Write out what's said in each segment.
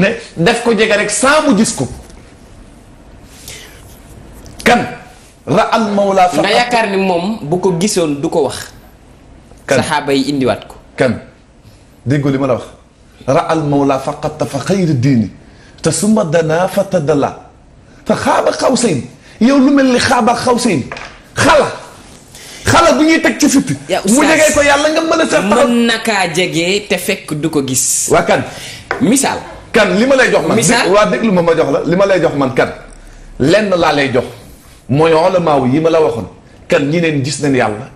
ne def ko jege rek saa gis ko kan ra al mawla fa nga yaakaar ni moom bu ko gisoon du ko wax saxaaba yi indiwaat ko kan déggoo li ma wax ra al mawla faqat fa xayri diini te suma danaa fa tadala te xaaba xawsayn yow lu mel ni xaaba xawsayn xala xala bu ñuy teg ci fippi mu jegee ko yàlla nga mën a sa taxaw mën na kaa jege te fekk du ko gis waa kan misaal kan li ma lay jox man waa déglu ma ma jox la li ma lay jox man kan lenn laa lay jox mooy olamaaw yi ma la waxoon kan ñi neen gis nañ yàlla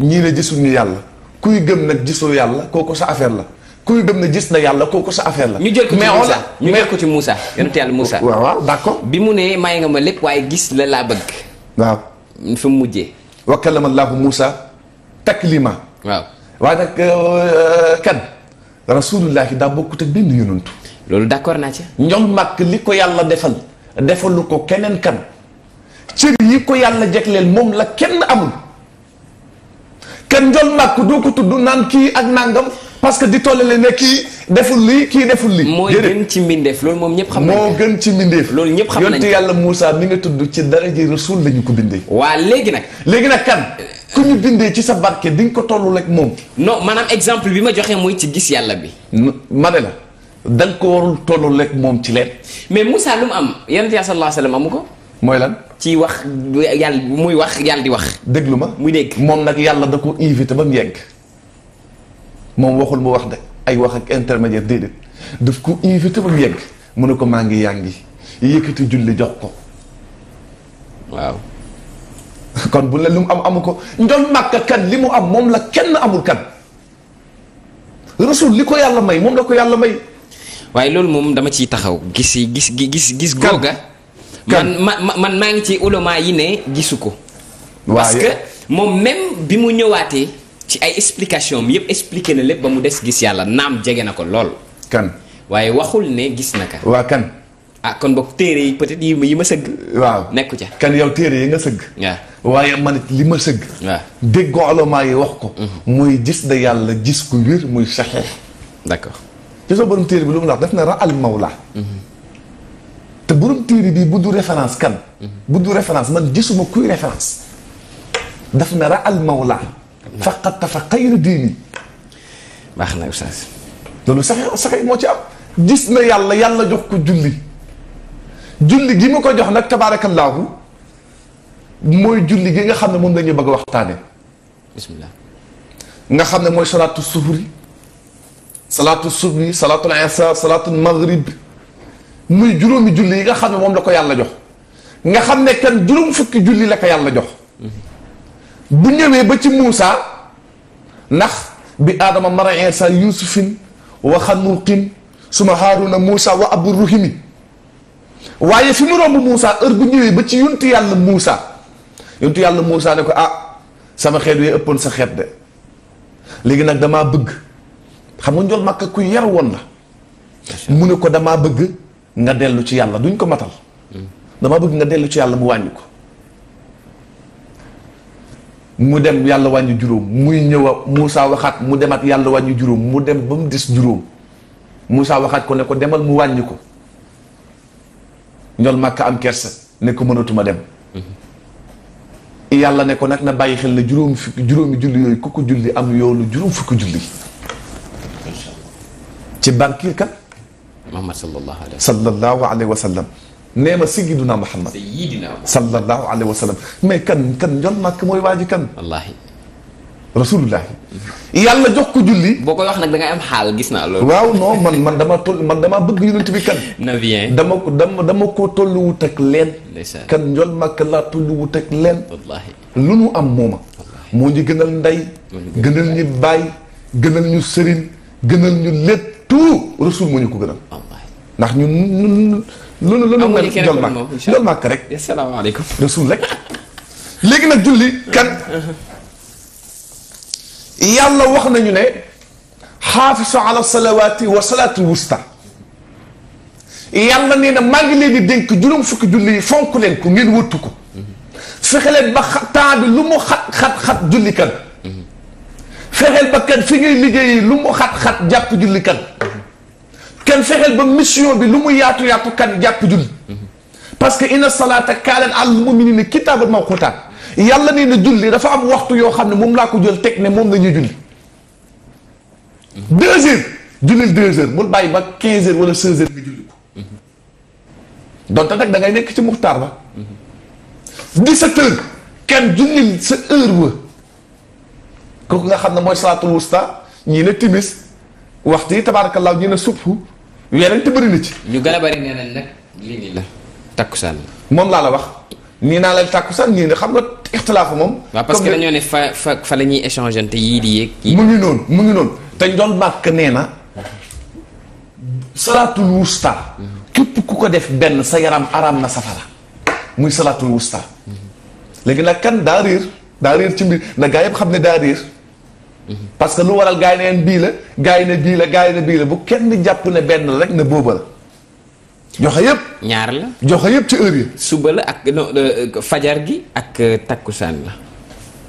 ñii ne gisuñu yàlla kuy gëm nag gisoo yàlla kooku sa affaire la kuy gëm na gis na yàlla kooku sa affaire la. ñu jël ko ci Moussa ñu jël ko ci Moussa yonent yàlla Moussa. waaw waaw bi mu ne may nga ma lépp waaye gis la laa bëgg. waaw fi mu mujjee. wa kallama Allahu Moussa taklima. waaw waaye nag euh, kan. rasulullahi daa bokkut ak benn loolu d'accord naa ci. ñoom mag li ko yàlla defal defalu ko keneen kan cër yi ko yàlla leen moom la kenn amul kenn njol mag doo ko tudd naan kii ak nangam parce que di tollale ne kii deful lii kii deful lii. mooy gën ci mbindeef loolu moom ñëpp xam nañ moo gën ci mbindeef. loolu ñëpp xam nañ yonte yàlla Moussa mi nga tudd ci dara ji rasul la ñu ko bindee. waa léegi nag. léegi nag kan. ku ñu bindee ci sa barke di nga ko tollu rek moom. non maanaam exemple bi ma joxe mooy ci gis yàlla bi. ma la. da ko warul tolloo lekk moom ci leen. mais Moussa lu mu am yonent bi sallallahu alayhi wa sallam ko. mooy lan ci wax yàlla muy wax yàlla di wax. déglu ma mu dégg moom nag yàlla da ko invité ba mu yegg moom waxul mu wax de ay wax ak intermédiaire ko invité ba mu mu ne ko maa ngi yaa ngi yëkkati julli jox ko waaw. kon bu la lu mu am amu ko njol màkka kan li mu am moom la kenn amul kan rasul li ko yàlla may moom la ko yàlla may. waaye loolu moom dama ciy taxaw gis yi gis gis gis googa man ma man maa ngi ci ulama yi ne gisu ko parce que moom même bi mu ñëwaatee ci ay explication am yëpp expliqué na lépp ba mu des gis yàlla naam jege na ko lool kan waaye waxul ne gis na ko waa kan ah kon boog téere yi peut-être yi yi ma sëgg waaw nekku ca kan yow téere yi nga sëgg waaw waaye man it li ma sëgg waaw déggoo olomaa yi wax ko mhm. muy gis da yàlla gis ku wér muy saxeex d'accord gisoo borom bi lu la wax daf ne ra al mawla bu du référence kan bu du référence man gisuma kuy référence daf ne ra al mawla faqat na oustaz loolu sax sax moo ci am gis na yàlla yàlla jox ko julli julli gi ma ko jox nag tabaarakallaahu mooy julli gi nga xam ne moom la bëgg a waxtaane nga xam ne mooy solaatu suhuri salaatu subhi salaatu isa salaatu maghrib muy juróomi julli yi nga xam ne moom la ko yàlla jox nga xam ne kan juróom fukki julli la ko yàlla jox bu ñëwee ba ci Muusa ndax bi aadama mara insa yusufin wa xanuqin suma haaruna Muusa wa abu ruhimi waaye fi mu romb Muusa heure bu ñëwee ba ci yuntu yàlla Muusa yuntu yàlla Muusa ne ko ah sama xeet yee ëppoon sa xeet de léegi nag damaa bëgg xam nga njool màkk kuy yar woon la mu ne ko damaa bëgg nga dellu ci yàlla duñ ko matal damaa bëgg nga dellu ci yàlla mu wàññi ko mu dem yàlla wàññi juróom muy ñëw a Moussa waxaat mu demaat yàlla wàññi juróom mu dem ba mu des juróom Moussa waxaat ko ne ko demal mu wàññi ko njool makk am kersa ne ko mënatuma dem yàlla ne ko nag na bàyyi xel ne juróom fukki juróomi julli yooyu ku ko julli am yoonu juróom fukki julli ci barkiir kan. Muhammad sallallahu alayhi wa sallam. nee ma sayyidina Muhammad. sayyidina Muhammad sallallahu alayhi wa sallam. mais kan kan yoon màkk mooy waa ji kan. wallaahi. rasulullah. yàlla jox ko julli. boo koy wax nag da ngay am xaal gis naa loolu. waaw man man dama toll man dama bëgg yonent bi kan. na bien dama ko dama dama ko tolluwut ak leen. kan yoon màkk laa tolluwut ak leen. wallaahi lu am mooma. moo ñu gënal ndey. gënal ñu baay gënal ñu sëriñ gënal tout rasul moo ñu ko gënal. ndax ñun ñun ñun. lu mel jol màkk jol màkk rek. asalaamaaleykum rasul rek. léegi nag julli kan. yàlla wax nañu ne. xaafisu ala salawaati wa salaatul wusta. yàlla nee na maa ngi leen di dénk juróom fukki julli yi fonk leen ko ngeen wëttu ko. fexe leen ba temps bi lu mu xat xat xat julli kan. fexeel ba kenn fi ngay liggéeyi lu mu xat-xat jàpp julli kan kenn fexeel ba mission bi lu mu yaatu yaatu kan jàpp julli parce que inna a kaanat alal mu'miniina kitaaban mawquutan yàlla nee na julli dafa am waxtu yoo xam ne moom laa ko jël teg ne moom la ñuy julli deux heures jullil deux heures bul bàyyi ba quinze heures wala seize heures nga julli ko donte nag da ngay nekk ci muxtaar ba dix-sept heures kenn jullil sa heure kooku nga xam ne mooy salaatul wusta ñii na timis waxtu yi tabaarakallaahu ñii ne subhu weerante bëri na ci. ñu gën a bëri nee nañ nag la takkusaan la. moom laa la wax nii naa la takkusaan nii ne xam nga ixtilaafu moom. waaw parce que dañoo ne fa fa fa la ñuy échanger yii di yéeg. mu ngi noonu mu ngi noonu te ñu doon màkk nee na salaatul wusta képp ku ko def benn sa yaram araam na safara muy salaatul wusta mm-hmm. léegi nag kan daa ci mbir na gaa xam ne daa parce que lu waral gars yi neen bii la gars yi ne bii la gars yi ne bii la bu kenn jàpp ne benn la rek ne booba la joxe yëpp ñaar la joxe yëpp ci heure yi suba la ak euh, euh, fajar gi ak euh, takkusaan la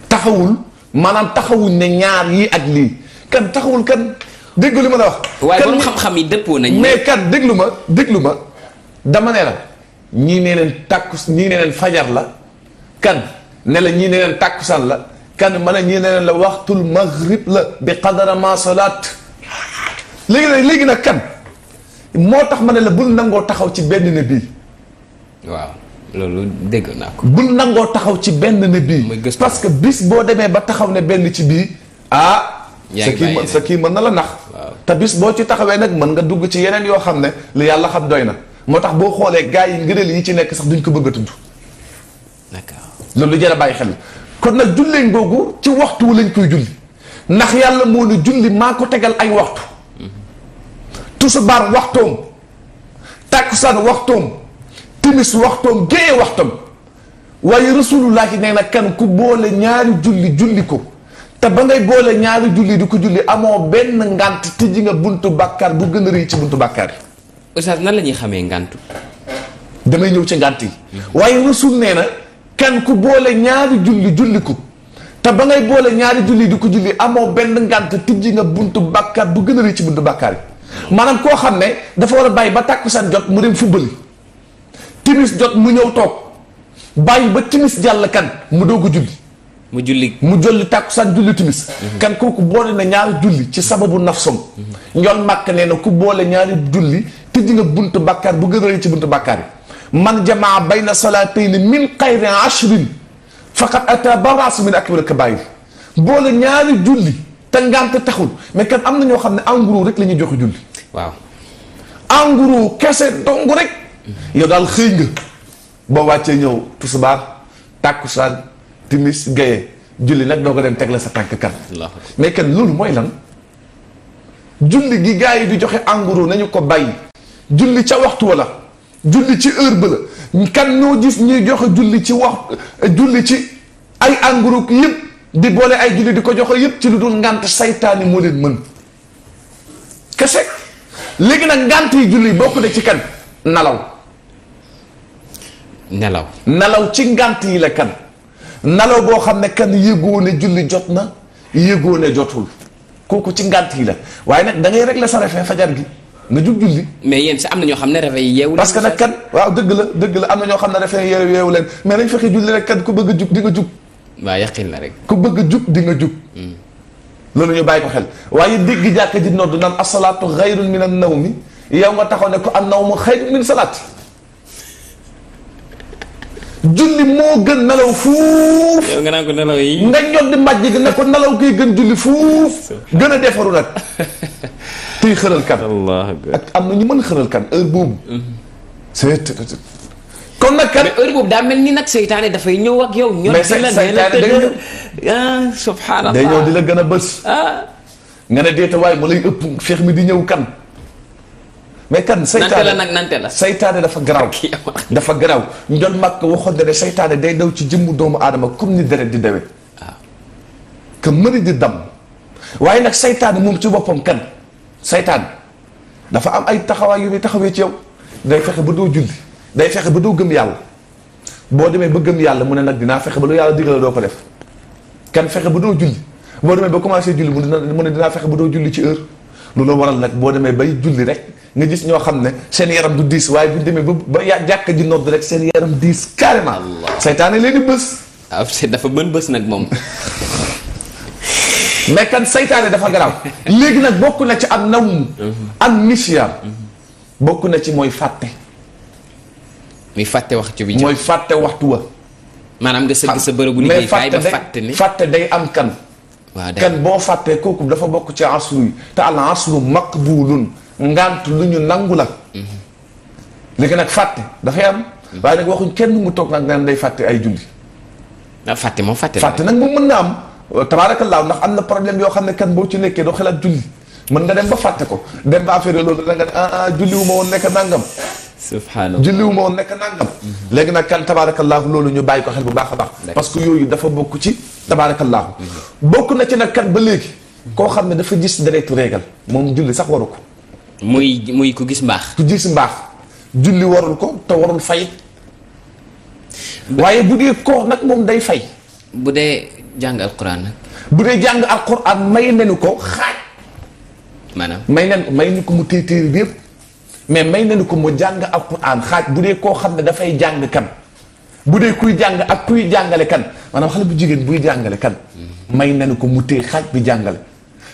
taxawul maanaam taxawuñ ne ñaar yii ak lii kan taxawul kan déggu li ma la wax waaye borom xam-xam yi dëppoo nañ mais kan déglu ma déglu ma dama ne la ñii ne leen takku ñii fajar la kan ne la ñii ne leen takkusaan la kan man a ñii ne la waxtul maghrib la bi qadara ma salaat léegi nag léegi nag kan moo tax ma ne la bul nangoo taxaw ci benn ne bii waaw loolu dégg naa ko nangoo taxaw ci benn ne bii parce que bis boo demee ba taxaw ne benn ci bii ah sa kii sa kii mën na la nax te bis boo ci taxawee nag mën nga dugg ci yeneen yoo xam ne li yàlla xam doy na moo tax boo xoolee gars yi ngëneel yi ci nekk sax duñ ko bëgg a tudd d'accord loolu jërë bàyyi xel kon nag julleen boogu ci waxtu wu lañ koy julli ndax yàlla moo ne julli maa ko tegal ay waxtu tusubaar waxtoom tàkkusaan waxtoom timis waxtoom géeye waxtoom waaye rasulullahi nee na kan ku boole ñaari julli julli ko te ba ngay boole ñaari julli di ko julli amoo benn ngant tijji nga buntu bàkkaar bu gën a rëy ci buntu bàkkaar yi ustaas nan la ñuy xamee ngantu damay ñëw ci ngànt yi waaye rasul nee kenn ku boole ñaari julli julli ko te ba ngay boole ñaari julli di ko julli amoo benn ngànt tijji nga buntu bàkkaar bu gën a ci buntu bàkkaar yi koo xam ne dafa war a bàyyi ba tàkkusaan jot mu dem fubbali jot mu ñëw toog bàyyi ba timis jàll mu doog a julli mu julli mu julli tàkkusaan julli timis mhm. kan kooku boole na ñaari julli ci sababu nafsom njool mhm. màkk nee na ku boole ñaari julli tijji nga buntu bàkkaar bu gën ci buntu bàkkaar yi man jamaa bayna salaatayni min xayri ashrin faqad ata baras min akbar kabair boole ñaari julli te ngànt taxul mais kan am na ñoo xam ne engrais rek la ñuy joxe julli. waaw engrais kese dong rek. yow daal xëy nga. boo wàccee ñëw tusubaar tàkkusaan timis gaye julli nag doo ko dem teg la sa tànk kan. mais kan loolu mooy lan. julli gi gars yi di joxe engrais nañu ko bàyyi. julli ca waxtu wala. julli ci heure ba la kan ñoo gis ñuy joxe julli ci wax julli ci ay engrais yëpp di boole ay julli di ko joxe yëpp ci lu dul ngànt seytaane moo leen mën kese léegi nag ngànt yi julli bokk na ci kan nalaw. nelaw nelaw ci ngànt yi la kan nelaw boo xam ne kan yëgoo ne julli jot na yëgoo jotul kooku ci ngànt yi la waaye nag da ngay la sa refee fajar gi. nga jub julli mais yéen sax am na ñoo xam ne réveil yeewu parce que nag kat waaw dëgg la dëgg la am na ñoo xam ne réveil yeewu yeewu leen mais nañ fexe julli rek kat ku bëgg a jug di nga jug waaw yaqin la rek ku bëgg a jug di nga jug hmm. loolu ñu bàyyi ko xel waaye dégg jàkka ji nodd naan asalaatu xayrun min an nawmi yow nga taxaw ne ko an nawmu xayrun min salaat julli moo gën nelaw fuuf. nga naan ko nelaw yi. nga ñor di mbàjj gi ne ko nelaw kiy gën julli fuuf. gën a defaru nag. tuy xëral kan. am na ñu mën xëral kan heure boobu. c'est mm-hmm. kon nag kan heure boobu daa mel ni nag seytaane dafay ñëw ak yow. ñor di la day ñëw ah, subhanallah day ñëw di la gën a bës. Ah. nga ne deeta waay ma lay ëpp feex mi di ñëw kan. mais kan saytaane la nag nante la saytaane dafa garaaw dafa garaaw njol màkk waxoon ne saytaane day daw ci jëmmu doomu aadama comme ni deret di dawee waaw ah. mën a di dam waaye nag saytaane moom ci boppam kan saytaane dafa am ay taxawaay yu muy taxawee ci yow day fexe ba doo julli day fexe ba doo gëm yàlla boo demee ba gëm yàlla mu ne nag dinaa fexe ba lu yàlla digal doo ko def kan fexe ba doo julli boo demee ba commencé julli mu ne dinaa fexe ba doo julli ci heure loolu waral nag boo demee bay julli rek nga gis ñoo xam ne seen yaram du diis waaye bu demee ba ba ya jàkka ji nodd rek seen yaram diis carrément. seytaane leen di bës. Ah, dafa bën bës nag moom. mais kan seytaane dafa garaaw léegi nag bokk na ci am nawum ak mhm. nisiyam mhm. bokk na ci mooy fàtte. muy fàtte waxtu bi mooy fàtte waxtu wa. maanaam nga sëgg sa bërëbu liggéeyukaay ba fàtte ne fàtte day am kan. kan boo fàttee kooku dafa bokk ci asru yi te al asru maqbulun ngant lu ñu nangu la. léegi nag fàtte dafay am. waaye nag waxuñ kenn mu toog nag naan day fàtte ay julli. ah fàtte moom fàtte fàtte nag moom mën na am tabaarakallaahu ndax am na problème yoo xam ne kan boo ci nekkee doo xalaat julli mën nga dem ba fàtte ko dem ba affaire loolu da nga ne ah, ah julli wu ma woon nekk nangam. subhanallah wu ma woon nekk nangam. léegi nag kan tabaarakallaahu loolu ñu bàyyi ko xel bu baax a baax. parce que yooyu dafa bokk ci tabaarakallaahu. Mhm. bokk na ci nag kan ba léegi. koo xam ne dafa gis deretu réegal moom julli sax waru ko. muy muy ku gis mbaax. ku gis mbaax julli warul ko te warul fay. waaye bu dee koor nag moom day fay. bu dee jàng alquran nag. bu dee jàng alquran may nañu ko xaaj. maanaam may nañu may nañu ko mu yëpp mais may nañu ko mu jàng alquran xaaj bu dee koo xam ne dafay jàng kan. bu dee kuy jàng ak kuy jàngale kan maanaam xale bu jigéen buy jàngale kan. Mm-hmm. may nañu ko mu téye xaaj bi jàngale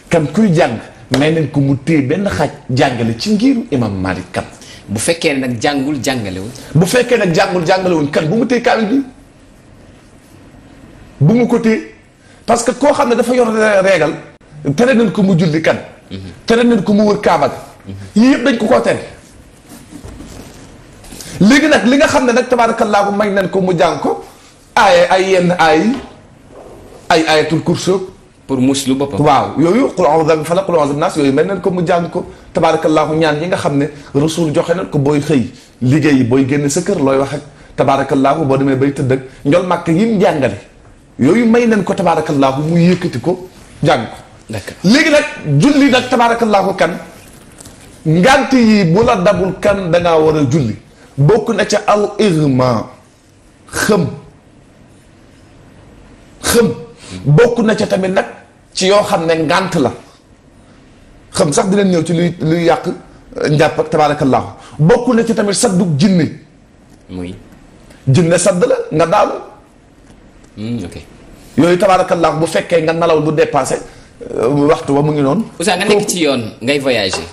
kan kuy jàng. may nañ ko mu téye benn xaaj jàngale ci ngiru imam Malik kat. bu fekkee nag jàngul jàngalewul. bu fekkee nag jàngul jàngalewul kan bu mu téye kaamil bi bu mu ko téye parce que koo xam ne dafa yor régal tere nañ ko mu julli kan. Mhm. tere nañ ko mu wër Kaaba mhm. yii yëpp dañ ko koo tere. léegi nag li nga xam ne nag tabaarakallaahu may nañ ko mu jàng ko ay ay yenn ay ay ayatul kursi pour muslu boppam waaw yooyu qul a'udhu bi falaq qul a'udhu bi nas yooyu mel nañ ko mu jàng ko tabarakallahu ñaan yi nga xam ne rasul joxe na ko booy xëy liggéey booy génn sa kër looy wax ak tabarakallahu boo demee bay tëdd ak njol màkk yi mu yooyu may nañ ko tabarakallahu mu yëkkati ko jàng ko léegi nag julli nag tabarakallahu kan ngant yi bu la dabul kan da war a julli bokk na ca al irma xëm xëm bokk na ca tamit nag ci yoo xam ne ngànt la xam sax dinañ ñëw ci luy luy yàq euh, njàpp ak tabaarakallaahu bokkul na ci tamit saddug jinne muy jinne sadd la nga daalu hmm, yooyu yooyu tabaarakallaahu bu fekkee nga nalaw bu dépassé euh, waxtu wa mu ngi noonu Oustaz nga nekk ci yoon ngay voyager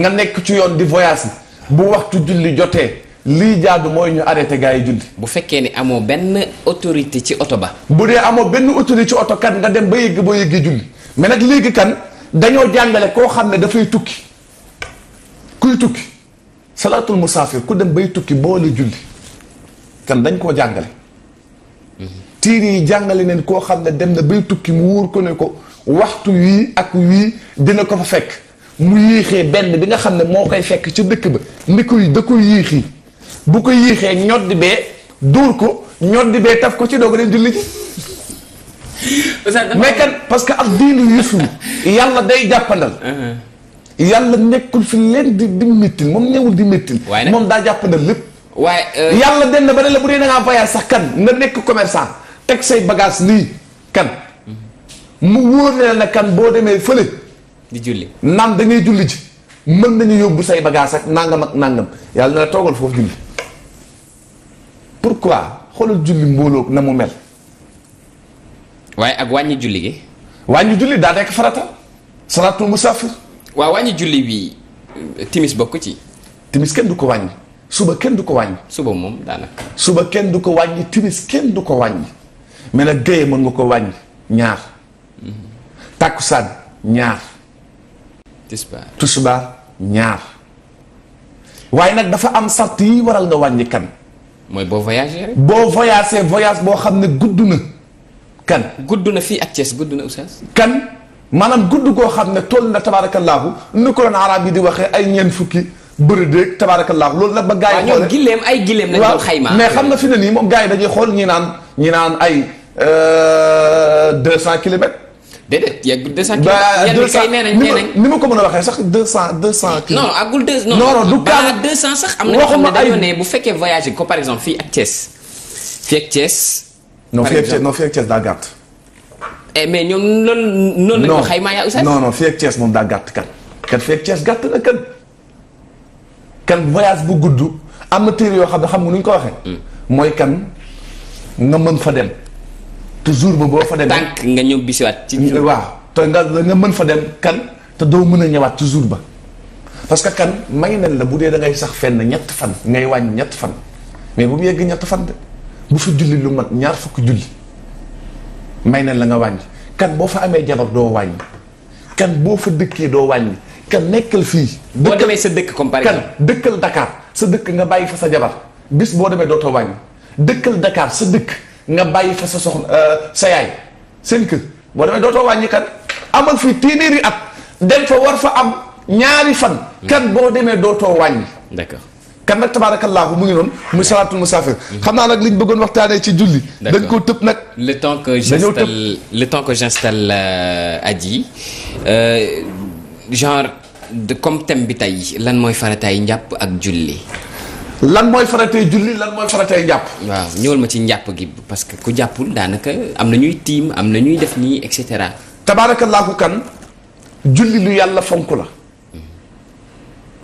nga nekk ci yoon di voyage bu waxtu julli jotee lii jaadu mooy ñu arrêté gars yi julli. bu fekkee ni amoo benn autorité ci oto ba. bu dee amoo benn autorité ci oto kan nga dem ba yëgg ba yëgg julli mais nag léegi kan dañoo jàngale koo xam ne dafay tukki kuy tukki salaatul musaafir ku dem bay tukki boole julli kan dañ koo jàngale. tiir yi jàngale neen koo xam ne dem na bay tukki mu wóor ko ne ko waxtu wii ak wii dina ko fa fekk mu yéexee benn bi nga xam ne moo koy fekk ci dëkk ba ni koy da koy yéexi bu ko yéexee ñoddi bee duur ko ñoddi bee taf ko ci doog dem julli ji mais kan parce que ak diinu yusu yàlla day jàppandal uh-huh. yàlla nekkul fi leen di di méttil moom newul di méttil moom daa jàppandal lépp waaye uh, yàlla dem na ba ne la bu dee da ngaa voyage sax kan nga nekk commerçant teg say bagaas nii kan uh-huh. mu wóor ne la kan boo demee fële di julli naan da ngay julli ji mën nañu yóbbu say bagage ak nangam ak nangam yàlla na la toogal foofu julli pourquoi xoolal julli mbooloo na mu mel. waaye ak wàññi julli gi. wàññi julli daa nekk farata. salaatul musaafir. waa wàññi julli bi timis bokk ci. timis kenn du ko wàññi. suba kenn du ko wàññi. suba moom daanaka. suba kenn du ko wàññi timis kenn du ko wàññi. mel nag géeye mën nga ko wàññi ñaar. Mhm. tàkkusaan ñaar. tisbaar ñaar. waaye nag dafa am sart yi waral nga wàññi kan. mooy boo voyagé rek. boo voyagé voyage boo xam ne gudd na. kan gudd na fii ak Thiès gudd na Oustaz. kan maanaam gudd koo xam ne toll na tabaarakallaahu nu ko doon araab yi di waxee ay ñeent fukki bëri dëgg tabaarakallaahu loolu nag. ba gars yi xoolee gileem ay gileem nañu doon xayma mais xam na fi ne nii moom gars yi dañuy xool ñi naan ñi naan ay 200 euh, kilomètres. déedéet yeggul 200 kilo yenn kay nee nañ nee nañ ni ma ko mën a waxee sax 200 200 kilo non àggul deux non non du kaa 200 sax am na ñoo xam ne dañoo ne bu fekkee voyage ko par exemple fii ak Thiès fii ak Thiès non fii ak Thiès non fii ak Thiès daa gàtt eh, mais ñoom loolu noonu lañ ko xaymaa yaa Oustaz non non fii ak Thiès moom daa gàtt kan kan fii ak Thiès gàtt na kan kan voyage bu gudd am na téere yoo xam ne xam nga nu ñu ko waxee hmm. mooy kan nga mën fa dem toujours ba boo fa demee tànk nga ñëw bisiwaat ci waaw te nga nga mën fa dem kan te doo mën a ñëwaat toujours ba parce que kan may nañ la bu dee da ngay sax fenn ñett fan ngay wàññi ñett fan mais bu mu yegg ñett fan de bu fi julli lu mat ñaar fukki julli may nañ la nga wàññi kan boo fa amee jabar doo wàññi kan boo fa dëkkee doo wàññi kan nekkal fii. boo demee sa dëkk comme kan dëkkal dakaar sa dëkk nga bàyyi fa sa jabar bis boo demee dootoo wàññi dëkkal Dakar sa dëkk. nga bàyyi fa sa soxna euh, sa yaay seen kër boo demee dootoo wàññi kan amal fi téeméeri at dem fa war fa am ñaari fan. kan boo demee dootoo wàññi. d'accord kan nag tabaarakallaahu mu ngi noonu muy salaatul musaafir. Mhm. xam naa nag liñ bëggoon waxtaanee ci julli. dañ koo tëb nag. le temps que j'installe le temps que j'installe euh, Adji euh, genre de comme thème bi tey lan mooy farataay njàpp ak julli. lan mooy faratee julli lan mooy faratee njàpp. waaw ñëwal ma ci njàpp gi parce que ku jàppul daanaka am na ñuy tiim am na ñuy def nii et cetera. tabaarakallaahu kan julli lu yàlla fonk la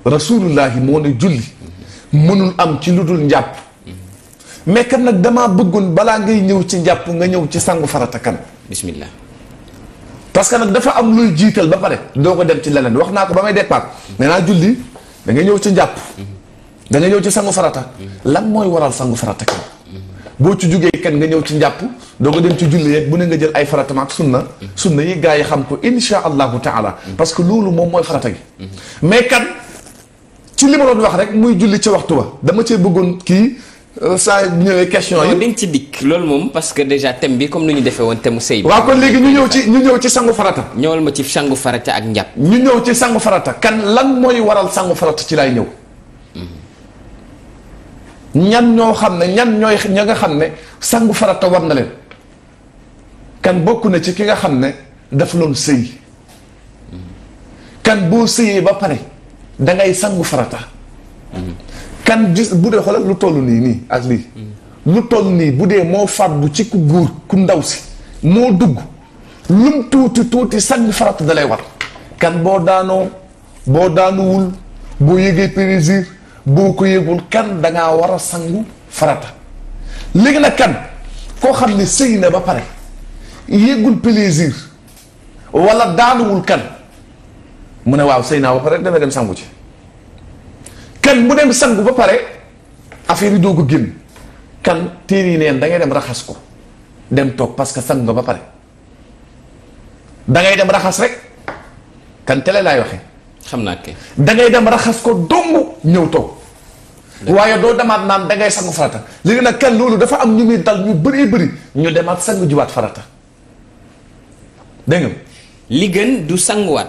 rasulullahi moo ne julli mënul am ci lu dul njàpp mais kan nag damaa bëggoon balaa ngay ñëw ci njàpp nga ñëw ci sangu farata kan. bismillah parce que nag dafa am luy jiital ba pare. doo ko dem ci leneen wax naa ko ba may départ. nee naa julli da nga ñëw ci njàpp. da nga ñëw ci sangu farata lan mooy waral sangu farata kan boo ci jugee kan nga ñëw ci njàpp doo dem ci julli yeeg bu ne nga jël ay farata maak sunna sunna yi gaa yi xam ko insha allahu taala parce que loolu moom mooy farata gi mais kan ci li ma wax rek muy julli ci waxtu ba dama cee bëggoon kii euh, saa ñëwee question yi dañ ci dikk loolu moom parce que déjà thème bi comme ni ñu defee woon thème mu sëy bi waaw kon léegi ñu ñëw ñu ñëw ci sangu farata ñëwal ma ci sangu farata ak njàpp ñu ñëw ci sangu farata kan lan mooy waral sangu farata ci laay ñëw ñan ñoo xam ne ñan ñooy nga xam ne sangu farata war na leen kan bokk na ci ki nga xam ne daf loon sëy kan boo sëyee ba pare dangay sangu farata kan gis bu dee xoolal lu toll nii nii ak lii lu toll nii bu dee moo fàddu ci ku góor ku ndaw si moo dugg lum tuuti tuuti sangu farata da war kan boo daanoo boo daanuwul boo yëgee plaisir boo ko yëgul kan da ngaa war a sangu farata léegi na kan koo xam ne sëy na ba pare yëgul plaisir wala daanuwul kan mu ne waaw sëy naa ba pare dana dem sangu ci kan bu dem sangu ba pare affaire yi doo ko génn kan téer yi neen dangay dem raxas ko dem toog parce que sangu nga ba pare dangay dem raxas rek kan tele laay waxe xam naa da ngay dem raxas ko dong ñëw toog waaye doo demaat naan da ngay sangu farata léegi nag kan loolu dafa am ñu ngi dal ñu bëri bëri ñu demaat sangu jiwaat farata dégg li gën du sanguwaat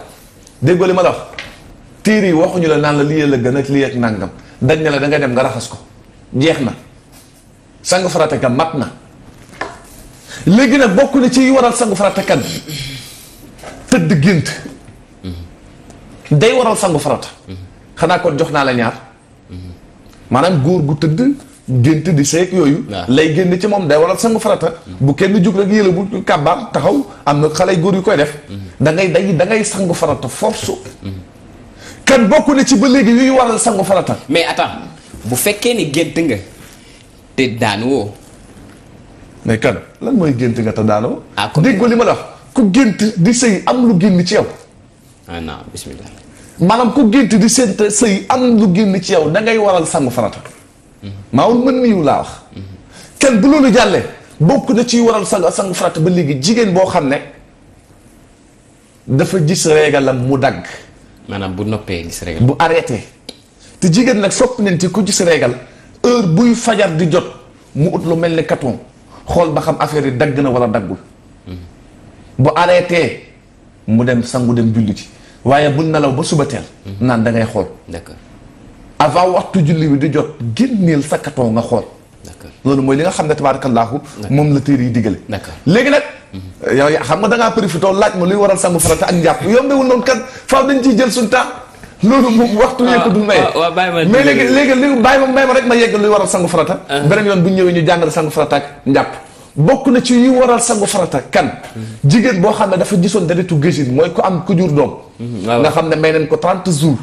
déggoo li ma la wax yi waxuñu la naan la lii la gën a lii ak nàngam dañ ne la da dem nga rafas ko jeex na sangu farata ga mat na léegi nag bokk na ci waral sangu farata kan tëdd gént mm-hmm. day waral sangu farata mm-hmm. xanaa kon jox naa la ñaar maanaam góor gu tëdd gént di seeg yooyu lay génn ci moom day waral sangu farata mm-hmm. bu kenn jug rek yëla bu kàbbaar taxaw am na xale góor yu koy def mm-hmm. da ngay day da ngay sangu farata force mm-hmm. kan bokk na ci ba léegi yuy waral sangu farata mais attends bu fekkee ni gént nga te daan woo mais kan lan mooy gént nga te daan woo ah, dégg li ma la wax ku gént di sëy am lu génn ci yow ah maanaam ku gént di sénta sëy am lu génn ci yow dangay waral sangu farata maa woon mën niiw laa wax kenn bu loolu jàllee bokk na ci waral sangu sangu farata ba léegi jigéen boo xam ne dafa gis régalam mu dagg maanaam bu noppee gis bu arrêté te jigéen nag sopp nañ ci ku gis régal heure buy fajar di jot mu ut lu mel ni carton xool ba xam affaire yi dagg na wala daggul hmm. bu arrêté mu dem sangu dem julli ci waaye bu nelaw ba suba teel. naan da ngay xool. d'accord avant waxtu julli bi di jot génneel sa katoo nga xool. d'accord loolu mooy li nga xam ne tabaarakallaahu moom la téere yi digale. d'accord léegi nag. Mhm. yow yaa xam nga da ngaa profité laaj ma luy waral sangu farata ak njàpp yombewul noonu kat faaw dañ ciy jël suñu temps. loolu moom waxtu yëpp du may mais léegi léegi léegi bàyyi ma may ma rek ma yegg luy waral sangu farata ah. beneen yoon bu ñëwee ñu jàngal sangu farata ak njàpp bokk na ci yu waral sangu farata kan. jigéen boo xam ne dafa gisoon deretu gésin mooy ko am ku jur doom. Mm-hmm. nga xam ne may nañ ko 30 jours.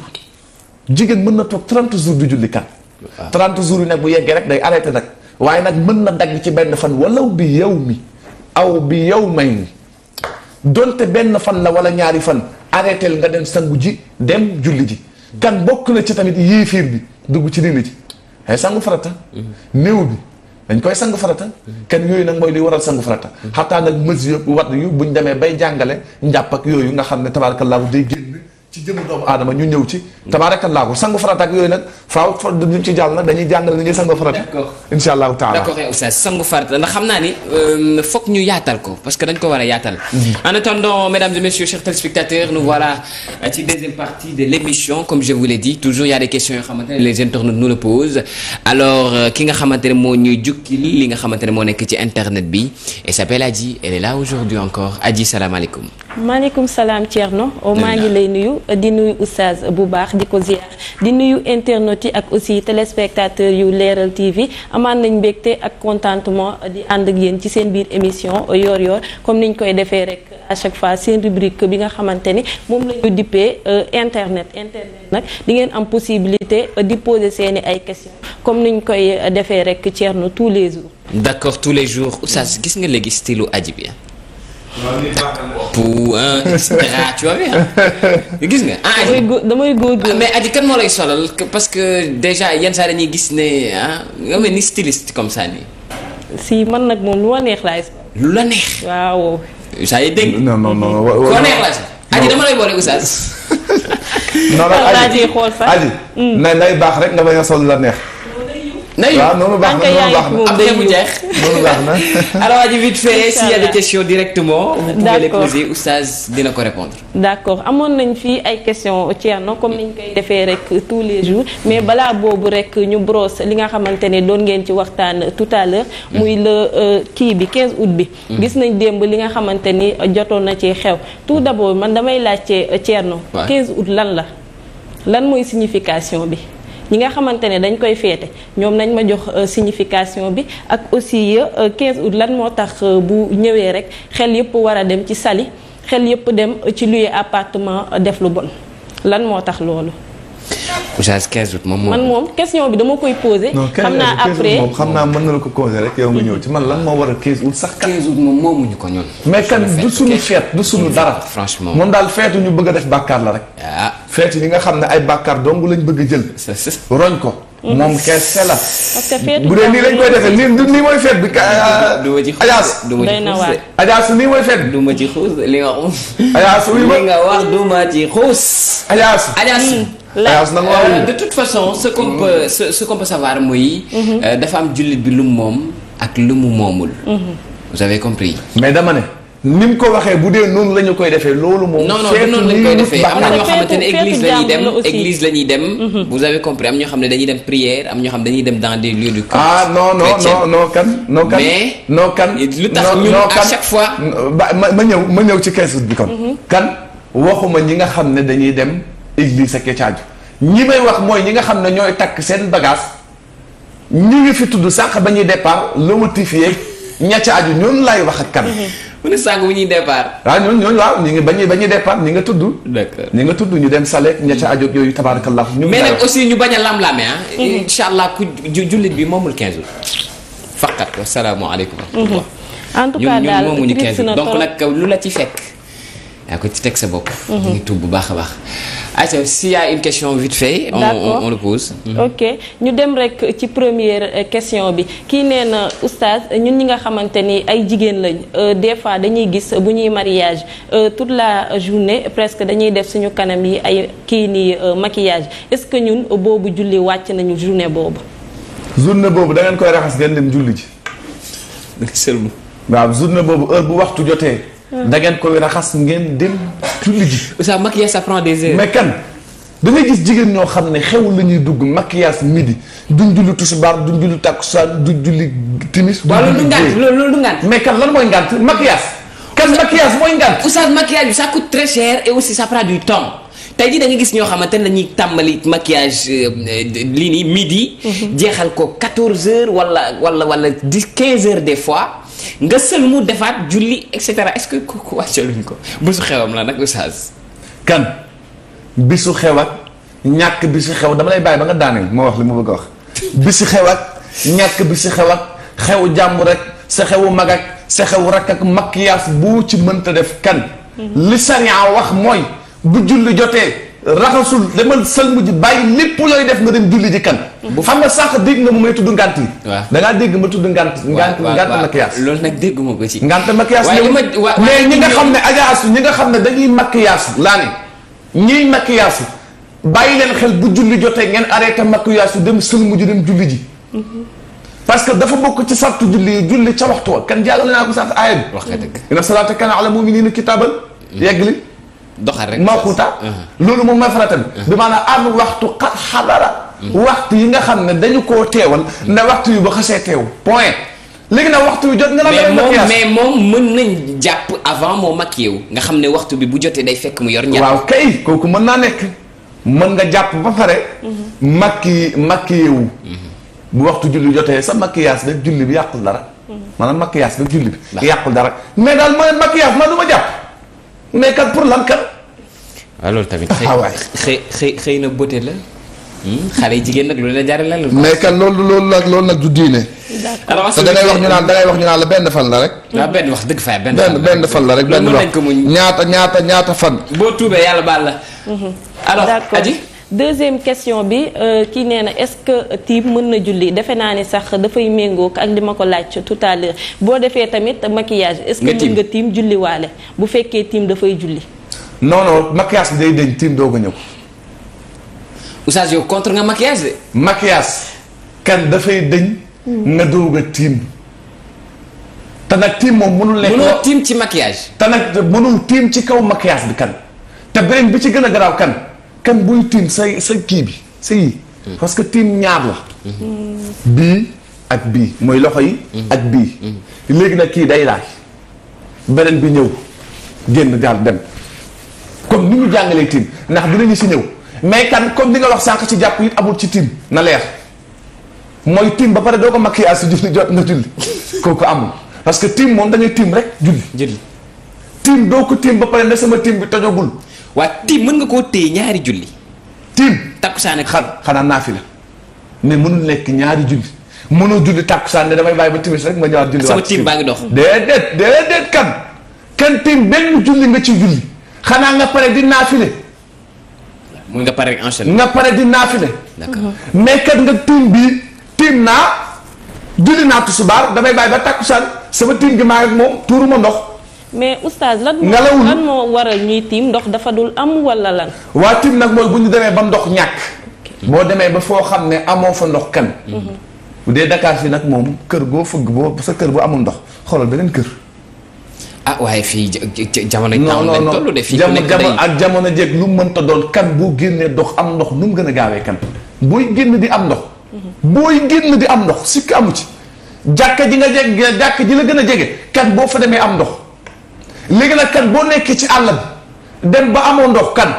jigéen mën na toog 30 jours du julli kan. 30 yi nag bu yeggee rek day arrêté nag waaye nag mën na dagg ci benn fan walaw bi yow mi aw bi yow may donte benn fan la wala ñaari fan arrêté nga dem sangu ji dem julli ji. kan bokk na ci tamit yéefiir bi dugg ci diini ji ay sangu farata. Mm-hmm. néew bi. dañ koy sangu farata kenn yooyu nag mooy luy waral sangu farata mm-hmm. xataa nag mesure war yu ñu demee bay jàngale njàpp ak yooyu nga xam ne tabaarkallaahu day génn ci jëmm doomu aadama ñu ñëw ci. tabaarakallaa ko sangu farata ak yooyu nag faaw fa duñ ci jàll nag dañuy jàngal ni ñuy sangu farata. d' accord allahu taala d' accord oustaz sangu farata ndax xam naa ni euh, foog ñu yaatal ko parce que dañ ko war a yaatal. Mhm. en attendant mesdames et messieurs chers téléspectateurs nous voilà ci deuxième partie de l' comme je vous l' dit toujours y a des questions yoo xamante ne les internautes nous le posent alors euh, ki nga xamante ne moo ñuy jukki ne bi s' appelle Adji maaleykum salaam Thierno oh, maa ngi lay nuyu di nuyu oustaz bu baax di ko ziar di nuyu internautes yi ak aussi téléspectateurs yu Leeral TV amaan nañ mbégte ak contentement di ànd ak yéen ci seen biir émission yoor yoor comme niñ koy defee rek à chaque fois seen rubrique bi nga xamante ni moom la ñu dippee euh, internet internet nag di ngeen am possibilité euh, di poser seeni ay questions comme niñ koy euh, defee rek Thierno tous les jours. d'accord tous les jours oustaz gis nga léegi stylo aji bi Euh, tu vois gis nga. ah damay góor ah, moo lay solal parce que déjà yenn saa dañuy gis ne ah nga mel ni styliste comme ça nii. si man nag moom lu la neex laay. lu la neex. waaw. saa yi dégg. non non non koo neex la aji dama lay boole oustaz. non non aji ah, xool sax aji. Hmm. na nay baax rek nga bañ a sol la neex. nayu tànk yaa ngi moom day mu jeex alors aji vite fait directement vous pouvez les poser oustaz dina ko amoon nañ fii ay questions Thierno comme ni ñu koy defee rek tous les jours mais balaa boobu rek ñu brosse li nga xamante ne doon ngeen ci waxtaan tout à l'heure muy le euh, kii bi 15 août bi mm. gis nañ démb li nga xamante ni jotoon na ci xew tout d'abord man damay laajte euh, Thierno 15 août lan la lan mooy signification bi ñi nga xamante ne dañ koy féete ñoom nañ ma jox euh, signification bi ak aussi ya euh, 15 août lan moo tax euh, bu ñëwee rek xel yëpp war a dem ci sali xel yëpp dem ci luye appartement def lu bon lan moo tax loolu oustaz 15 août moom moo. man question bi dama koy posé. xam naa après moom xam ko posé rek yow nga ñëw ci lan moo war a 15 août sax. moom moomuñu ko ñun. mais kan du suñu feet du suñu moom daal feetu ñu bëgg a def bàkkaar la rek. Ah. feetu yi nga xam ne ay bàkkaar dong lañ bëgg a jël. roñ ko. Mm. moom kese la. parce que feetu bu dee nii lañ koy defee nii euh, nii mooy feet bi. du ma ci xuus du ma xuus ajaas nii mooy feet. du ma ci xuus li nga xuus. ajaas li nga wax du ma ci xuus. ajaas la euh, de toute façon ce qu'on mm-hmm. peut ce, ce qu'on peut savoir mooy. Mm-hmm. Euh, dafa am jullit bi lu mu moom ak lu mu moomul. Mm-hmm. vous avez compris. mais dama ne. ni mu ko waxee bu dee noonu la koy defee loolu moom. seetlu noonu lañ koy defee am na ñoo xamante ne église la ñuy dem la ñuy dem. vous avez ñoo xam ne dañuy dem prière am ñoo xam ne dañuy dem dans des lieux de culte. ah non non non non kan. non kan kan lu tax ñun fois. ba ma ñëw ma ñëw ci caisse bi kon. kan waxuma ñi nga xam ne dañuy dem. église ak ya caaju ñi may wax mooy ñi nga xam ne ñooy takk seen bagaas ñu ngi fi tudd sànq ba ñuy départ le motif yeeg ña caaju ñoom laay wax ak kan. mu ne sànq bu ñuy départ. Ah, waaw ñooñu ñooñu waaw ñu ngi ba ñuy ba ñuy départ ñu nga tudd. d'accord ñu nga tudd ñu dem Salek ña caaju ak yooyu tabaarakallah. ñu mais ak aussi ñu bañ a lamlame ah. Mhm. incha allah ku jullit bi moomul 15 jours. faqat wa salaamu aleykum. en tout cas daal donc nag lu la ci fekk. yaa ko ci teg sa bopp. ñu mhm. tuub bu baax a baax. ayca s'il y a une question vite fait. on mhm. ok ñu dem rek ci première euh, question bi kii nee na oustaz ñun ñi nga xamante ni ay jigéen lañ euh, des fois dañuy gis bu ñuy mariage euh, tout la journée presque dañuy def suñu kanam yi ay kii nii maquillage est-ce que ñun boobu julli wàcc nañu journée boobu. journée boobu da ngeen koy raxas ngeen dem julli ji. waaw journée boobu heure bu waxtu jotee. da ngeen koy raxas ngeen dem julli ji. oustaz maquillage ça prend des heures. mais kan gis jigéen ñoo xam ne xew la ñuy dugg maquillage midi duñ julli tisbaar duñ julli takkusaan timis. duñ julli loolu loolu du ngànt mais kan lan mooy ngànt maquillage. kan maquillage mooy ngànt. oustaz maquillage bi ça coûte très cher et aussi ça prend du temps. tey jii da nga gis ñoo xamante ne dañuy tàmbali maquillage euh, lii nii midi. Mhm. jeexal ko 14 heures wala wala wala 10 15 heures des fois. nga mu defaat julli et cetera est-ce que kooku wàccaluñ ko bisu xewam la nag oustaz kan bisu xew ak ñàkk bisu xew dama lay bàyyi ba nga daaneel moo wax li ma bëgg a wax bisu xew ak ñàkk bi bisu xew ak xew jàmm rek sa xewu mag ak sa xewu rakk ak makiyaas bu ci mënta def kan mhm. li sariya wax mooy bu julli jotee raxasul demal sëlmu ji bàyyi lépp looy def nga dem julli ji kan. xam nga sax dégg nga mu may tudd ngant yi. waaw da ngaa dégg ma tudd ngant. ngant ngant loolu nag dégg ko ci. ngant maquillage mais ñi xam ne agaasu ñi nga xam ne dañuy maquillage laa ne ñiy bàyyi leen xel bu julli jotee ngeen arrêté maquillage dem sëlmu ji dem julli ji. parce que dafa bokk ci sartu julli yi julli ca waxtu kan jàllale naa ko sax aaya bi. wax nga dëgg inna salaata kaana ala muminina kitaaban mm. yegg li doxal rek mawquta uh-huh. loolu moom mooy farata bi. Uh-huh. bi maanaam am waxtu xat xadara. Uh-huh. waxtu yi nga xam ne dañu koo teewal. ne waxtu yu ba xasee teew point. léegi nag waxtu wi jot nga la mais moom mën nañ jàpp avant moo maquillé wu nga xam ne waxtu bi bu jotee day fekk mu yor ñaar. waaw kooku mën naa nekk mën nga jàpp ba pare. makki maquillé wu. bu waxtu julli jotee sa maquillage rek bi yàqul dara. maanaam maquillage rek julli bi. yàqul dara mais daal mooy ma du jàpp. mais kat pour lan kat. waaw ah, loolu tamit ah, xëy xëy xëy na bote la. Hmm? xale yi jigéen nag loolu la jaaree lan la. mais kat loolu loolu nag loolu nag du diine. d'accord te da ngay wax ñu naan da ngay wax ñu naan la benn fan la rek. waaw benn wax dëgg fa benn. benn benn fan la rek benn wax ñaata ñaata ñaata fan. boo tuubee yàlla baal la. alors aji. deuxième question bi euh, kii nee na est-ce que tiim mën na julli defe naa ni sax dafay méngóog ak li ma ko laaj tout à boo defee tamit maquillage. est-ce que mën nga tiim julliwaale bu fekkee tiim dafay julli. non non maquillage bi day dañ tiim ñëw. oustaz yow contre nga maquillage de. maquillage kan dafay dañ. Hmm. nga doog a tiim. te nag tiim moom mënul nekk mënoo tiim ci maquillage. te nag mënul tiim ci kaw maquillage bi kan. te beneen bi ci gën a garaaw kan. kan buy tiim say sa kii bi sa yi hmm. parce que tiim ñaar la hmm. bii ak bii mooy loxo yi hmm. ak bii léegi nag kii day laaj beneen bi ñëw génn daal dem comme ni ñu jàngalee tiim ndax ñu si ñëw mais kan comme li nga wax sànq ci jàpp it amul ci tiim na leer mooy tiim ba pare doo ko maquillage si julli jot na julli kooku amul parce que tiim moom da tiim rek julli. julli tiim doo ko tiim ba pare ne sama tiim bi tojogul waa tiim mën nga koo téye ñaari julli. tiim takkusaan ak xanaa xanaa naafila ne mënul nekk ñaari julli mënoo julli takkusaan ne damay bàyyi ba timis rek ma ñëwaat julli. sama tiim baa ngi dox déedéet déedéet kan kenn tiim benn julli nga ci julli xanaa nga pare di naafile. muy nga pare rek enchaîner nga pare di naafile. d'accord mm-hmm. mais kat nga tiim bi tiim naa julli naa tusubaar damay bàyyi ba takkusaan sama tiim bi maa ngi moom tuuruma ndox. mais oustaz lan moo lan moo waral ñuy tiim ndox dafa dul am wala lan. waa tiim nag mooy bu ñu demee ba ndox ñàkk. boo demee ba foo xam ne amoo fa ndox kan. Mhm. bu dee Dakar fii nag moom kër goo fëgg boo sa kër bu amul ndox xoolal beneen kër. ah waaye fii jamono jamono lañ toll de fii ak jamono jeeg lu mu mënta doon kan boo génnee dox am ndox nu mu gën a gaawee kan. booy génn di am ndox. Mhm. booy génn di am ndox sikk amu ci. jàkka ji nga jeg jàkka ji la gën a jege kan boo fa demee am ndox. léegi nag kan boo nekkee ci àll bi dem ba amoo ndox kan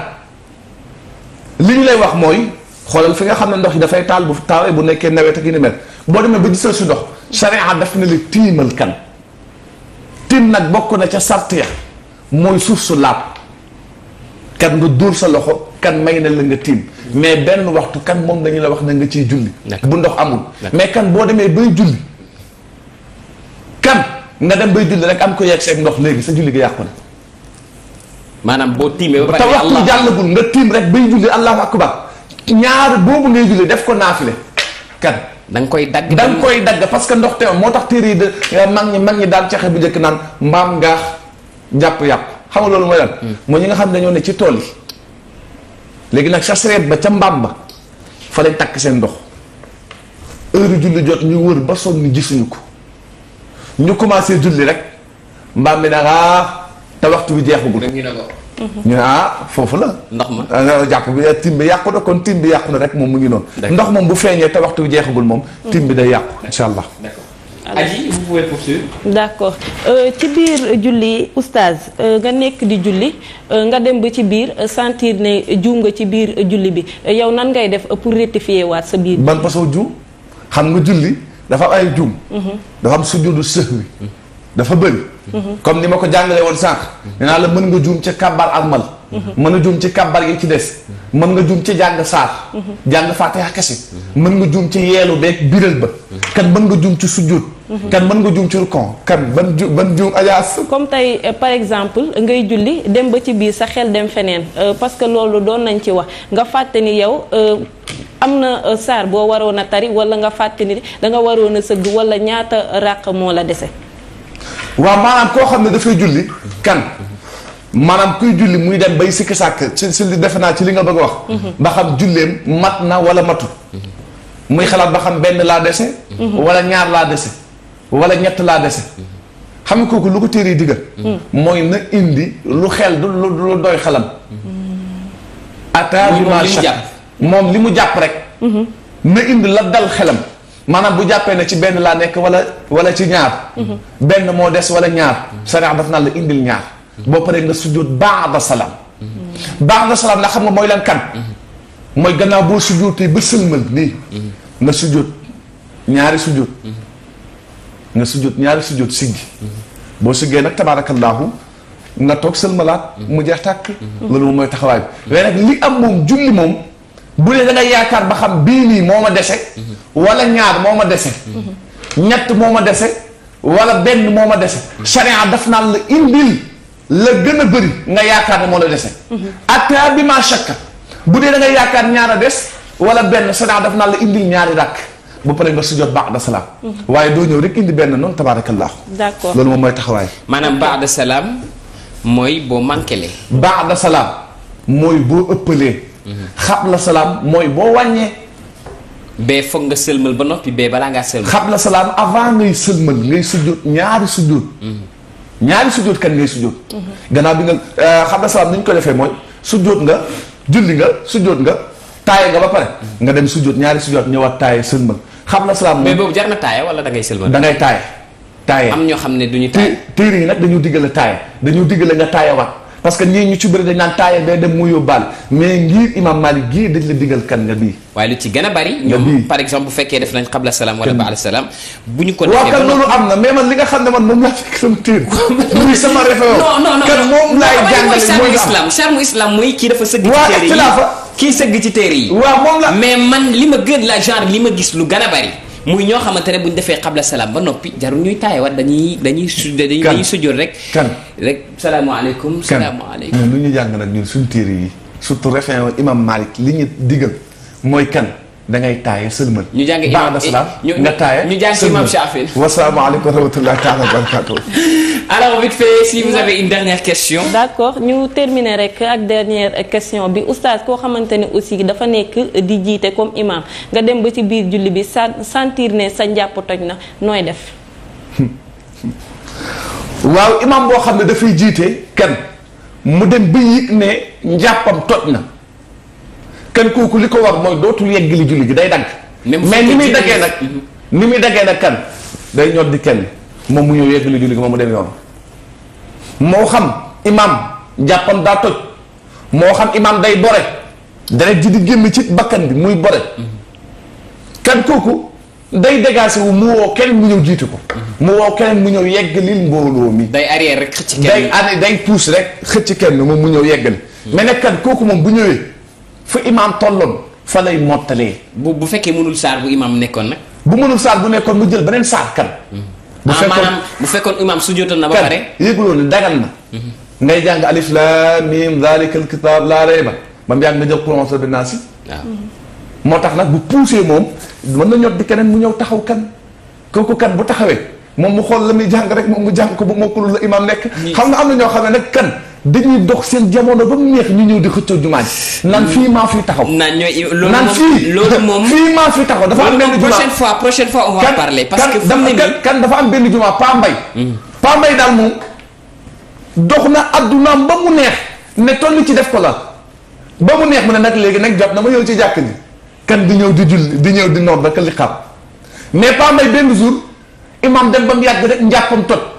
li ñu lay wax mooy xoolal fi nga xam ne ndox yi dafay taal bu taawee bu nekkee nawet ak yu ni mel boo demee ba gisal si ndox charia daf na li tiimal kan tiim nag bokk na ca sart ya mooy suuf su laab kan nga dóor sa loxo kan may na la nga tiim mais benn waxtu kan moom lañu la wax na nga ciy julli bu ndox amul mais kan boo demee bay julli kan nga dem bay julli rek am ko yegg seeg ndox léegi sa julli gi yàqu na. maanaam boo tiimee ba pare. jàllagul nga tiim rek bay julli allahu akbar ñaar boobu ngay julli def ko naafile kan. da koy dagg da koy dagg parce que ndox te moo tax téere yi de eh, mag ñi mag ñi daan caxe bu njëkk naan mbaam nga jàpp yàpp xam nga loolu mooy lan. Hmm. mooy ñi nga xam ne dañoo ne ci tool léegi nag sa sareet ba ca mbaam ba fa lañ takk seen ndox heure julli jot ñu wër ba sonn gisuñu ko. ñu commencé julli rek mbaam mi dara ah, te waxtu bi jeexagul. ñu ne mm-hmm. ñu ah, foofu la. ndox ma ah, jàpp bi eh, tim bi yàqu na kon tim bi yàqu na rek moom mu ngi noonu. ndox moom bu feeñee te waxtu bi jeexagul moom. Mm-hmm. tim bi day yàqu incha allah. Adji d' accord ci biir julli oustaz euh, nga nekk di julli euh, nga dem ba ci biir euh, sentir ne juum nga ci biir julli bi yow nan ngay def pour rectifier waat sa biir. ban façon ju xam nga julli. dafa am ay juum. Mhm. dafa am sujudu sëhwi dafa bëri. comme ni ma ko jàngalee woon sànq. nee naa la mën nga juum ci kàbbar ak mën a juum ci kàbbar yi ci des. mën nga juum ci jàng saar. jàng faatiha kese. mën nga juum ci yeelu beeg biral ba. kan mën nga juum ci sujjuut. kan mën nga juum ci rukon kan ban ju ban juum ajaas. comme tey euh, par exemple ngay julli dem ba ci biir sa xel dem feneen euh, parce que loolu doon nañ ci wax nga fàtte ni yow. Euh, am na saar boo waroon a tari wala nga fàtte ni danga waroon a wala ñaata ràq moo la dese. waaw maanaam koo xam ne dafay julli kan maanaam kuy julli muy dem bay sikki sàkk ci li defe naa ci li nga bëgg wax mhm. ba xam julleem mat na wala matut mhm. muy xalaat ba xam benn laa dese mhm. wala ñaar laa dese wala ñett laa dese xam nga kooku lu ko téere digga mooy na indi lu xel lu doy xelam ataa bi moom li mu jàpp rek na indi la dal xelam maanaam bu jàppee na ci benn laa nekk wala wala ci ñaar benn moo des wala ñaar sariya daf naa indil ñaar boo paree nga sujjóot baada salaam baada salaam ndax xam nga mooy leen kan mooy gannaaw boo sujjóotee ba sëlmal nii nga sujjóot ñaari sujjóot nga sujjóot ñaari sujjóot siggi boo siggee nag tabaarakallaahu nga toog sëlmalaat mu jeex tàkk loolu moom mooy taxawaay bi waaye nag li am moom julli moom bu dee da nga yaakaar ba xam bii nii moo ma dese wala ñaar moom ma dese ñett moo ma dese wala benn moo ma dese charia daf naan la indil la gën a bëri nga yaakaar ne moo la dese atta bi ma shakka bu dee da nga yaakaar ñaar a des wala benn charia daf naan la indil ñaari rakk ba pare nga sujjoot ba'da salaam waaye doo ñëw rek indi benn noonu tabaarakallaahu d'accord loolu moom mooy taxawaay maanaam ba'da salaam mooy boo manqué le ba'da salaam mooy boo ëppalee la salaam mooy boo wàññee. bee foog nga sëlmal ba noppi bee balaa ngaa sëlmal. xabla salaam avant ngay sëlmal ngay sujjóot ñaari sujjóot. kan ngay sujjóot. gannaaw bi nga euh, xabla salaam ni ñu ko defee mooy sujjóot nga julli nga sujjóot nga taaye nga ba pare. nga dem sujjóot ñaari sujjóot ñëwaat taaye sëlmal. xabla salaam mooy boobu jar na taaye wala da ngay sëlmal. da ngay taaye taaye am ñoo xam ne du ñu taaye. téere yi nag dañu diggale taaye dañu diggale nga taayewaat parce que ñii ñu ci bëri dañ naan taayal day dem mu yóbbaal mais ngir imam Malik gii dañ la digal kan nga bii waaye lu ci gën a bari ñoom par exemple bu fekkee def nañ xabla salaam wala baala salaam bu ñu ko defee waaw kan loolu am na mais man li nga xam ne man moom laa fekk sama sama référence non non non kan moom laay jàngale mooy islam charme islam kii dafa sëgg ci téere yi kii sëgg waaw moom mais man li ma gën la genre li ma gis lu gën a bari muy ñoo xamante ne bu ñu defee xabla salaam ba noppi jarul ñuy taaye wat dañuy dañuy su dañuy sujjóot rek. kan rek salaamaaleykum. salaamaaleykum kan lu ñu jàng nag ñu suñu téere yi surtout refrain imam Malik li ñu digal mooy kan. dangay ngay taaye sëlmal. ñu jàng imaam nga taaye ñu jàng imaam Shafi. wasalaamaaleykum wa rahmatullahi taala wa barakatuh. alors vite fait si vous ñu terminer rek ak dernière question bi oustaz koo xamante ne aussi dafa nekk di jiite comme imaam nga dem ba ci biir julli bi sentir ne sa njàpp toj na nooy def. waaw imaam boo xam ne dafay jiite kenn mu dem ba yëg ne njàppam toj na. kenn kooku li ko war mooy dootul yegg li julli gi day dagg. mais ni muy daggee nag. Mhm. ni muy daggee nag kan day ñor di kenn moom mu ñëw yegg li julli mu dem yoon moo xam imam jàppam daa moo xam imam day bore ji di ci bakkan bi muy bore kooku day dégaase wu mu woo keneen mu ñëw jiitu ko mhm. mu woo keneen mu ñëw yeggalil mbooloo mi day arrière rek xëcc kenn day day pousse rek xëcc kenn moom mu ñëw yegg mhm. mais nag kan kooku moom bu ñëwee fu imaam tolloon fa lay mottalee. bu bu fekkee mënul saar bu imaam nekkoon nag. bu mënul saar bu nekkoon mu jël beneen saar kan. Hmm. bu ah, fekkoon maanaam bu fekkoon imaam sujjootoon na ba pare. yëguloo ne dagan na. Hmm. ngay jàng alif laam miim zaalikal kitaab laa rayba ba mu yàgg nga jël prononcer bi naa si. waaw hmm. moo tax nag bu poussé moom mën na ñot di keneen mu ñëw taxaw kan kooku kan bu taxawee moom mu xool la muy jàng rek moom mu jàng ko bu mokkul la imaam nekk. xam nga am na ñoo xam ne nag kan. dañuy dox seen jamono ba mu neex ñu ñëw di xëccoo jumaa ji naan hmm. fii maa fi taxaw. naan ñooy loolu moom loolu moom fii maa fi taxaw dafa am benn jumaa prochaine fois prochaine fois on va parler. parce que kan dafa am benn jumaa Paa Mbay. Hmm. Paa Mbay daal moom dox na addunaam ba mu neex ne toll ci def ko la ba mu neex mu ne nag léegi nag jot na ma yow ci jàkk ji kan di ñëw di julli di ñëw di noor daka li xam mais Paa Mbay benn suur imam dem ba mu yàgg rek njàppam tot.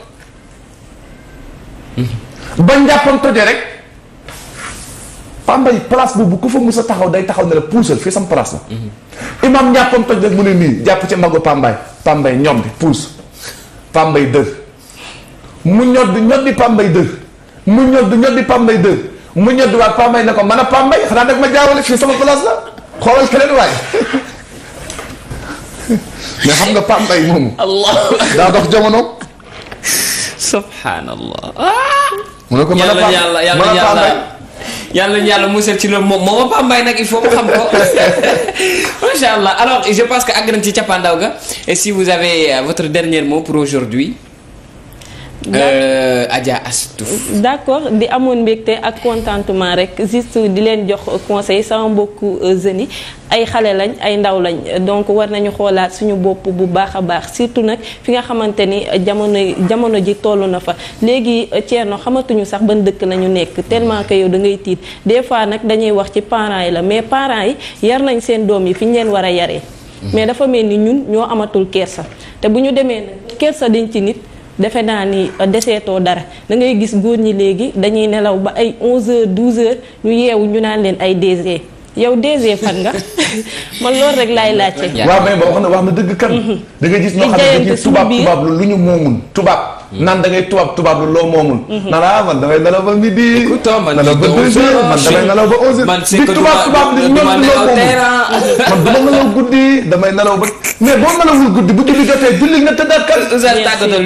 bañ jàppoon tojee rek Pambay place boobu ku fa mus sa taxaw day taxaw na la puusal fii sam place la. Mhm. imam njàppoon toj rek mu ne nii jàpp ci mbagu Pambay Pambay ñoom bi Pambay dër mu ñod di ñod di Pambay mu ñod di ñod di Pambay mu ñod di waat Pambay ne ko man a Pambay xanaa nag ma jaawale fii sama place la xoolal keneen waay. mais xam nga Pambay moomu. allah daa dox jamono. subhanallah. mu ne ko mën a yàlla yàlla yàlla yàlla yàlla musal ci loolu moom moom Pape Mbaye nag il faut que xam ko macha allah alors je pense que àgg nañ ci cappaandaw ga et si vous avez euh, votre dernier mot pour aujourd'hui Euh, Adja Astouf. d' accord di amoon mbégte ak contentement rek juste di leen jox conseil sama mbokk euh, jeunes yi ay xale lañ ay ndaw lañ donc war nañu xoolaat suñu bopp bu baax a baax surtout nag fi nga xamante ni jamono jamono ji toll na fa léegi euh, Thierno xamatuñu sax ban dëkk la ñu nekk tellement que yow da ngay tiit des fois nag dañuy wax ci parents yi la mais parent yi yar nañ seen doom yi fi ñu leen war a yare mhm. mais dafa mel ni ñun ñoo amatul kersa te bu ñu demee nag kersa dañ ci nit. defe naa ni euh, deseetoo dara da ngay gis góor ñi léegi dañuy nelaw ba ay 11h 12h ñu yeewu ñu naan leen ay DG yow DG fan nga man loolu rek laay laajte. waaw mais ba wax na wax na dëgg kan. Mhm. da ngay gis ñoo xam ne dañuy tubaab tubaab lu ñu moomul tubaab. nan da ngay tubaab tubaab lu loo moomul. Mhm. naan ah man damay nelaw ba midi. écoutons man nelaw ba deux tubaab tubaab di loo moomul. man dama nelaw guddi damay nelaw ba mais boo nelawul guddi bu julli jotee julli nga tëddaat kan. Ousseyn tàggatal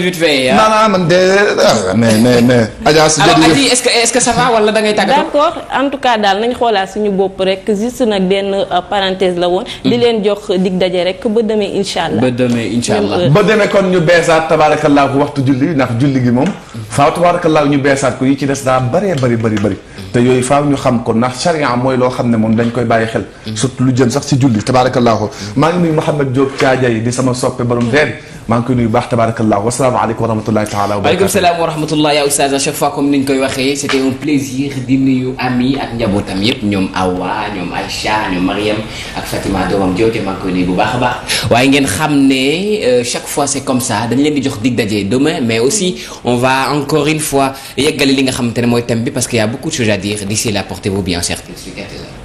ah, man de ah mais mais mais. si jërëjëf alors Adji est ce que est ce que wala da ngay tàggatoo. d' en tout cas daal nañ xoolaat suñu bopp rek juste nag benn euh, parenthèse la woon. di mhm. leen jox dig daje rek ba demee incha allah. ba demee incha euh, ba demee kon ñu beesaat tabarakallah waxtu julli bi ndax julli gi moom faaw tabaarakallaahu ñu beesaat ko yi ci des daa bëree bëri bëri bëri yooyu faaw ñu xam ko ndax charia mooy loo xam ne moom dañ koy bàyyi xel surtout lu jëm sax si julli tabaarakallaahu maa ngi nuyu Mouhamed Diop Caaja yi di sama soppe borom deer maa ngi koy nuyu baax tabarakallah wasalaamaaleykum wa rahmatullahi taala waaleykum salaam chaque fois comme ni ñu koy waxee c'était plaisir di nuyu ami ak njabootam yépp ñoom Awa ñoom Aïcha ñoom Mariam ak Fatima doomam joote maa ngi koy bu baax a baax waaye ngeen xam ne euh, chaque fois comme ça dañ leen di jox dig daje demain mais aussi on va encore une fois yeggali li nga xamante ne mooy thème parce que y a beaucoup de choses à dire vous bien certains